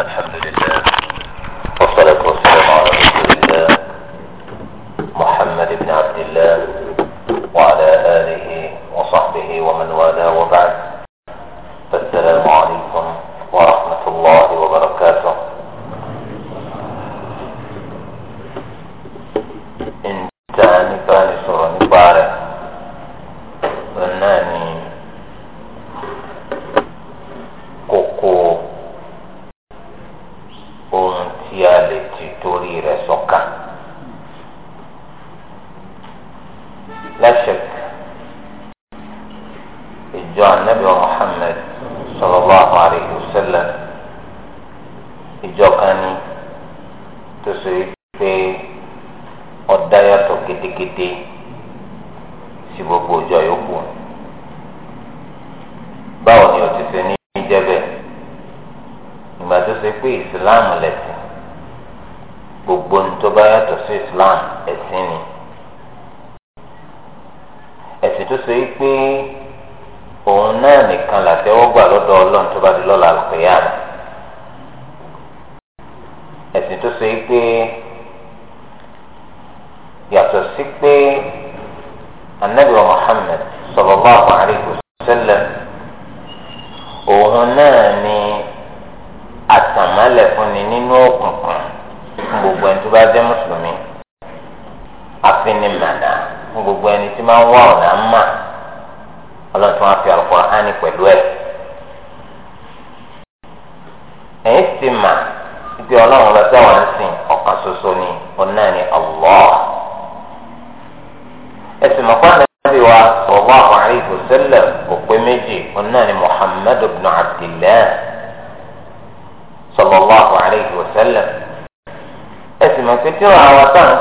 الحمد لله والصلاة والسلام على رسول الله محمد بن عبد الله وعلى آله وصحبه ومن والاه وبعد torí rẹ̀ sọ̀kan. lẹ́sẹ̀k ìjọ anabi Muhammad sallallahu alayhi wa sallam ìjọ kan ní tó so yìí pé ọ̀dá yàtọ̀ kétékété sí gbogbo ọjọ́ yòókù báwo ni o ti ṣe ní jẹ́bẹ̀ ìgbà tó ṣe pé ìsìláàmù lẹ̀sìn tó bá yàtọ̀ sí Islam ẹ̀sìn ni ẹ̀sìn tó ṣe é pé òun náà nìkan làtẹ́wọ́gbà lọ́dọ̀ ọlọ́run tó bá di lọ́la àlùkìyàmù ẹ̀sìn tó ṣe é pé yàtọ̀ sí pé anabi Muhammad sallallahu alaihi wasallam òun náà ni àtàmálẹ̀ fúnni nínú òkú. gbogbo ẹni tí máa ń wá ọ̀nà ń mà ọlọ́run tí wọ́n fi Al-Qur'ani pẹ̀lú ẹ̀. ẹ̀yìn ti mà ibi ọlọ́run lọ sẹ́wọ̀n ń sìn ọ̀kan ṣoṣo ni òun náà ni Allah. ẹ̀sìn mọ̀kọ́ nàbí wa sallallahu alaihi wasallam òpé méjì òun náà ni Muhammad ibn Abdillah sallallahu alaihi wasallam. ẹ̀sìn mọ̀kọ́ tí wọ́n àwọn táwọn